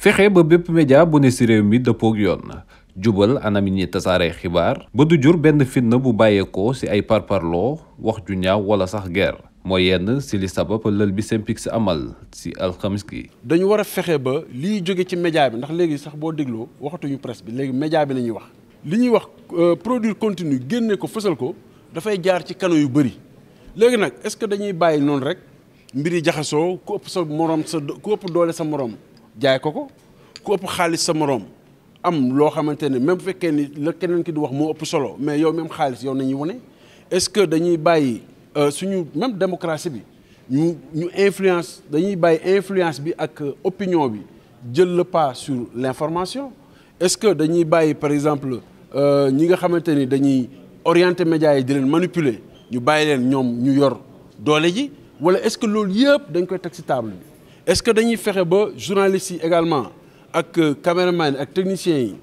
fexe ba bépp média bu ne si réew mi dëppoog yoon jubal anami yi tasaaree xibaar ba du jur benn fitna bu bàyyeekoo si ay parparloo wax ju ñaaw wala sax ger mooy yenn si li sabab lël bi Synpics amal si alxamis gi. dañu war a fexe ba liy jóge ci média bi ndax léegi sax boo dégloo waxatuñu presse bi léegi média bi nañuy wax. li ñuy wax euh, produit continu génne ko fësal ko dafay jaar ci canaux yu bëri léegi nag est-ce que dañuy bàyyi noonu rek mbir yi jaxasoo ku sa morom sa ku ëpp doole sa morom jaay ko ko ku ëpp xaalis am loo xamante même fekkee ni la keneen ki di wax moo ëpp solo mais yow même xaalis yow nañuy wane est-ce que dañuy bàyyi euh, suñu même démocratie bi ñu ñu influence dañuy bàyyi influence bi ak euh, opinion bi jël le pas sur l'information est-ce que dañuy bàyyi par exemple euh, ñi nga xamante ni dañuy orienter médias yi di leen manipuler ñu bàyyi leen ñoom ñu yor doole ji walla est-ce que loolu yëpp dañ koy teg est-ce que dañuy fexé ba journalistes yi également ak euh, caméraman ak techniciens yi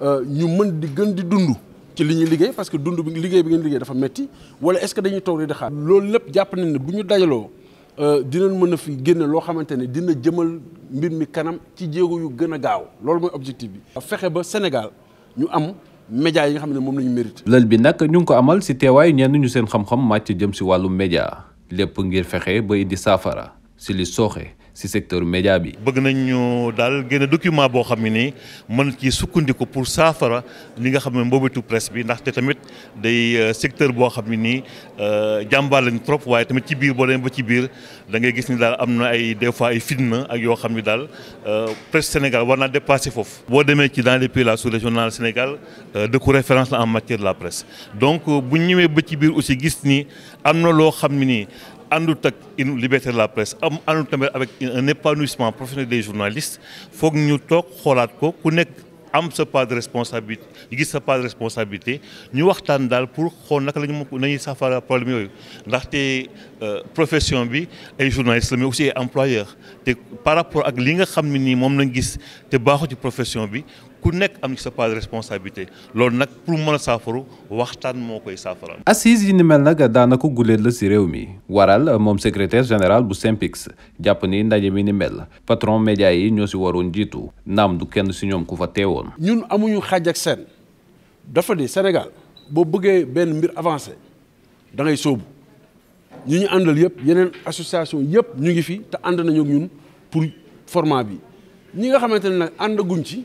euh, ñu mën di gën di dund ci liñu ñuy liggéey parce que dundu bi liggéey bi ngeen liggéey dafa metti wala est-ce que dañuy toog di xaar loolu lépp japp nañ ne bu ñu dajaloo euh, dinañ mëna fi génne lo xamanteni dina jëmal mbir mi kanam ci jéego yu gën gaaw loolu moy objectif bi. fexé ba Sénégal ñu am média yi nga xam mom lañu mérite. lël bi nak ñu ko amal ci téway ñen ñu seen xam-xam màcc jëm ci walu média lépp ngir fexé ba indi safara ci li soxé si secteur média bi. bëgg nañu daal génne document boo xam ne nii mën ci sukkandiku pour saafara li nga xam ne mboobetu presse bi ndaxte tamit day euh, secteur boo xam ne nii euh, jàmbaar lañ trop waaye tamit ci biir boo demee ba ci biir da ngay gis ni daal am na ay des fois ay fitna ak yoo xam ne daal euh, presse Sénégal war naa dépassé foofu. boo demee ci dans les pays la sous-régionale Sénégal dëkku référence la en matière la presse donc bu ñëwee ba ci biir aussi gis ni am na loo xam ne nii. andout ak une liberté de la presse am andout tamit avec un épanouissement professionnel des journalistes foog ñu tok xoolaat ko ku nek am sa part de responsabilité gis sa part de responsabilité ñu waxtaan dal pour xool nak lañu ñu nañuy saafara problème ndax té euh, profession bi ay journalistes mais aussi employeur té par rapport ak li nga xamni ni mom lañu gis té baxu ci profession bi ku nekk am ci sa part de responsabilité loolu nag pour mën a saafaru waxtaan moo koy saafara. assise yi ni mel nag daanaka guléet la si réew mi waral moom secretaire général bu Synpics jàpp ni ndaje mi ni mel patron média yi ñoo si waroon jiitu naam du kenn si ñoom ku fa teewoon. ñun amuñu xaaj ak seen dafa di Sénégal boo bëggee benn mbir avancé da ngay ñu ñu àndal yëpp yeneen association yëpp ñu ngi fi te ànd nañu ak ñun pour format bi ñi nga xamante ne nag àndaguñ ci.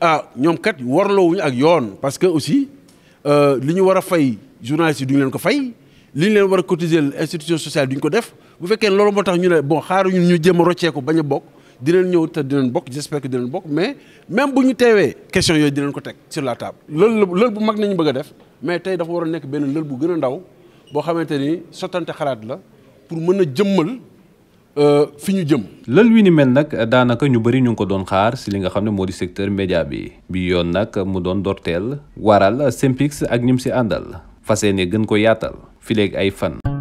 ah ñoom kat warloowuñu ak yoon parce que aussi euh liñu wara fay journaliste duñ leen ko fay liñ leen wara cotiser institution sociale duñ ko def bu fekké loolu motax ñu né bon xaru ñu ñu jëm a ko baña bok bokk dinañ ñëw te dinañ bok j'espère que dinañ bok mais même bu ñu teewee question yooyu dinañ ko teg sur la table. loolu loolu bu mag nañu bëgg def mais tay dafa wara nek ben benn bu gëna ndaw bo xamanteni sotante sottante xalaat la pour mëna jëmmal. Euh, fi ñu jëm. lël wi ni mel nag daanaka ñu bëri ñu ngi ko doon xaar si li nga xam ne moo di secteur média bi bi yoon nag mu doon dorteel waral Synpics ak ñim si àndal fas yéene gën ko yaatal fileeg ay fan.